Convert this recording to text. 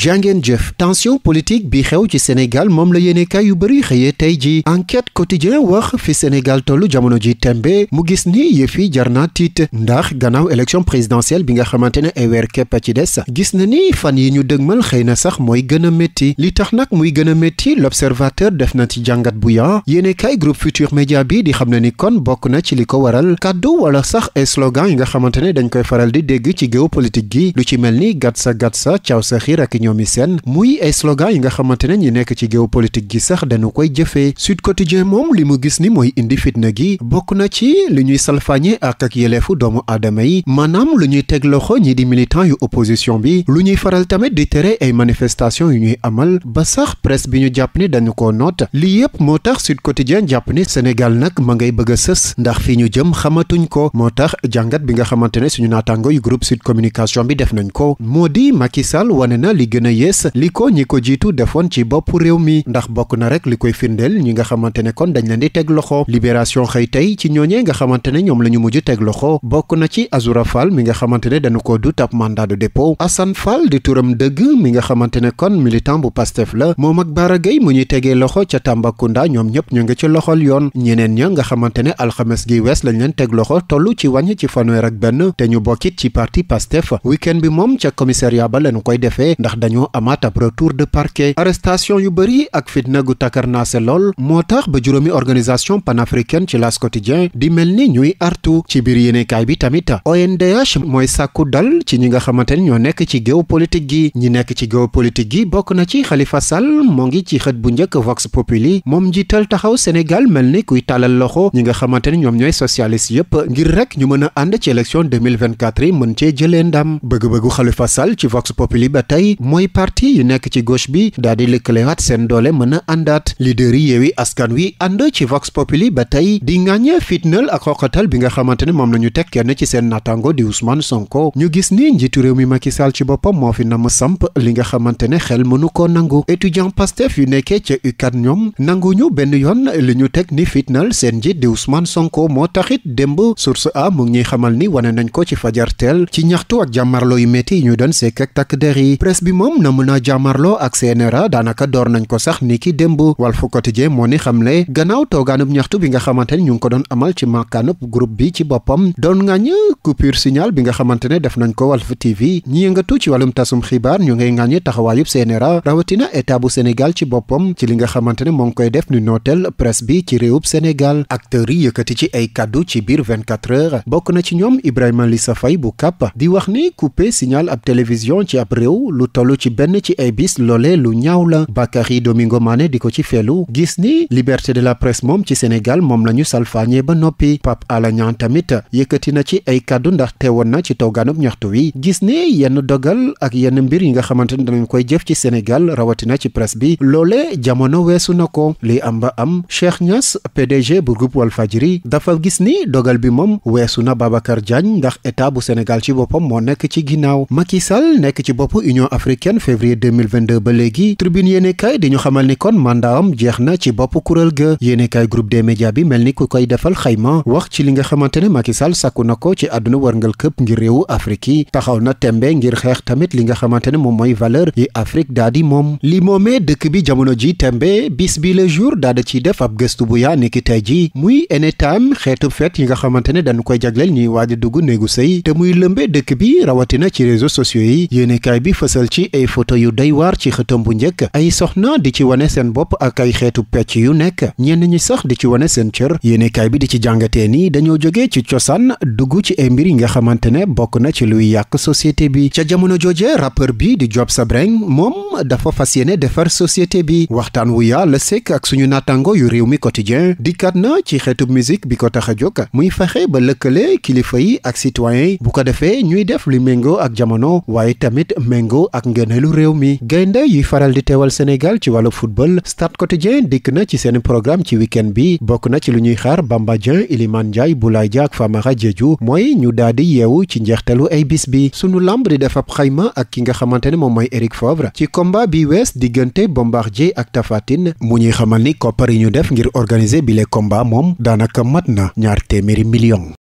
jàngeen jëf tension politique bi xew ci Sénégal moom la yéenekaay yu bëri xëyee tey ji enquête quotidien wax fi Sénégal tollu jamono ji tembe mu gis ni yëfi jar naa tiit ndax gannaaw élection présidentielle bi nga xamante ne ay weer képp ci des gis na ni fan yi ñu dëgmal xëy na sax mooy gën a métti li tax nag muy gën a métti l'observateur def na ci jàngat bu ya yéenekaay groupe Futur Média bi di xam ne ni kon bokk na ci li ko waral kàddu wala sax ay yi nga xamante ne dañ koy faral di dégg ci géopolitique gi lu ci mel ni ñoomi seen muy ay slogan yi nga xamante ne ñi nekk ci géopolitique gi sax dañu koy jëfee Sud Quotidien moom li mu gis ni mooy indi fitna gi bokk na ci li ñuy salfaañe ak ak yeleefu doomu aadama yi maanaam lu ñuy teg loxo ñi di militant yu opposition bi lu ñuy faral tamit di tere ay manifestation yu ñuy amal ba sax presse bi ñu jàpp ni dañu ko noot lii yëpp moo tax Sud Quotidien jàpp ni Sénégal nag ma ngay bëgg sës ndax fii ñu jëm xamatuñ ko moo tax jàngat bi nga xamante ne suñu naataango yu groupe Sud Communication bi def gën a yées li ko ñi ko jiitu defoon ci bopp réew mi ndax bokk na rek li koy findeel ñi nga xamante ne kon dañu leen di teg loxo libération xëy tey ci ñooñee nga xamante ne ñoom la ñu mujj teg loxo bokk na ci Azoura Fall mi nga xamante ne dañu ko du tap mandat de dépôt Assane Fall di turam dëgg mi nga xamante ne kon militant bu Pastef la moom ak Bara Gueye mu ñuy tegee loxo ca Tambacounda ñoom ñëpp ñu ngi ci loxol yoon ñeneen ña nga xamante ne alxames gi wees lañ leen teg loxo ci wàññi ci fanweer ak benn te ñu bokkit ci parti Pastef week-end bi moom ca commissariat ba lañu koy defee dañoo amaat ab retour de parquet arrestation yu bëri ak fitna gu takarnaase lool moo tax ba juróomi organisation panafricaine ci L'As Quotidien di mel ni ñuy artu ci biir yéenekaay bi tamit ONDH mooy sàkku dal ci ñi nga xamante ni ñoo nekk ci géopolitique gi ñi nekk ci géopolitique gi bokk na ci xalifa Sall moo ngi ci xët bu njëkk Vox Populi moom njiital taxaw Sénégal mel ni kuy tàllal loxo ñi nga xamante ni ñoom ñooy socialiste yépp ngir rek ñu mën a ànd ci élection 2024 yi mën cee jëlee ndam bëgg-bëggu Khalifa ci Vox mooy parti yu nekk ci gauche bi daal di lëkkalewaat seen doole mën a àndaat leader yi yeewi askan wi ànd ci vox populi ba tey di ŋàññe fitnal ak xoqatal bi nga xamante ne moom la ñu teg kenn ci seen natango di Ousmane Sonko ñu gis ni njiitu réew mi Macky Sall ci boppam moo fi nam samp li nga xamante ne xel mënu ko nangu étudiant Pastef yu nekkee ca UCAD ñoom nangu ñu benn yoon li ñu teg ni fitnal seen njiit di Ousmane Sonko moo taxit démb source a mu ñuy xamal ni wane nañ ko ci fajar ci ñaxtu ak jàmmarlo yu métti ñu doon sekk ak takk mbirum namuna jàmmarloo ak CNRA daanaka door nañ ko sax ni ki démb Walf Quotidien moo ni xamle gannaaw toogaanub ñaxtu bi nga xamante ne ñu ngi ko doon amal ci màkkaanub groupe bi ci boppam doon ŋàññ coupure signal bi nga xamante ne def nañ ko Walf TV ñi yëngatu ci wàllum tasum xibaar ñu ngay ŋàññ taxawaayub CNRA rawatina état bu Sénégal ci boppam ci li nga xamante ne moo ngi koy def ni nooteel presse bi ci réewub Sénégal acteurs yi yëkkati ci ay kàddu ci biir 24 heures bokk na ci ñoom Ibrahima Lissa Faye bu Cap di wax ni coupé signal ab télévision ci ab ci benn ci ay bis loole lu ñaaw la Bakary Domingo Mané di ko ci feelu gis ni liberté de la presse moom ci Sénégal moom la ñu salfaañee ba noppi Pape Alé Niang tamit yëkkati na ci ay kàddu ndax teewoon na ci toogaanub ñaxtu wi gis ni yenn dogal ak yenn mbir yi nga xamante ne danañ koy jëf ci Sénégal rawatina ci presse bi loole jamono weesu na ko li am ba am Cheikh Niass PDG bu groupe Walfadjri dafa gis ni dogal bi moom weesu na Babacar Diagne ndax état bu Sénégal ci boppam moo nekk ci ginnaaw Macky Sall ci boppu week-end février 2022 ba léegi tribune yéenekaay di ñu xamal ni kon mandaam jeex na ci bopp kuréel ga yéenekaay groupe des média bi mel ni ku koy defal xayma wax ci li nga xamante ne Macky Sall sàkku na ko ci àdduna warngal këpp ngir réew Afrique yi taxaw na tembe ngir xeex tamit li nga xamante ne moom mooy valeur yi Afrique daa di moom li moomee dëkk bi jamono ji tembe bis bi le jour daa da ciy def ab gëstu bu yaa nekk tey ji muy enetam xeetu feet yi nga xamante ne dañu koy jagleel ñuy waaj dugg néegu sëy muy lëmbe dëkk bi rawatina ci réseaux sociaux yi ay photo yu day waar ci xëtam bu njëkk ay soxna di ci wane seen bopp ak ay xeetu pecc yu nekk ñenn ñi sax di ci wane seen cër yéenekaay bi di ci jàngatee ni dañoo jógee ci cosaan dugg ci ay mbir yi nga xamante ne bokk na ci luy yàq société bi ca jamono jooje rappeur bi di Job Sabreng moom dafa fas yéene defar société bi waxtaan wu yàlla la sekk ak suñu naataango yu réew mi quotidien dikkaat na ci xeetu musique bi ko tax a jóg muy fexe ba lëkkalee kilifa yi ak citoyen yi bu ko defee ñuy def lu méngoo ak jamono ngëneelu réew mi gaynde yuy faral di teewal Sénégal ci wàllu football Stade Quotidien dikk na ci seen programme ci week bi bokk na ci lu ñuy xaar Bamba Dieng Iliman Ndiaye Boulaye Dia ak Famara Diédhiou mooy ñu daal di yeewu ci njeexteelu ay bis bi sunu lamb di def ab xayma ak ki nga xamante ne moom mooy Eric Favre ci combat bi wees diggante Bombardier ak Tapha Tine mu ñuy xamal ni koppar yi ñu def ngir organiser bile combat moom daanaka mat na ñaar téeméeri million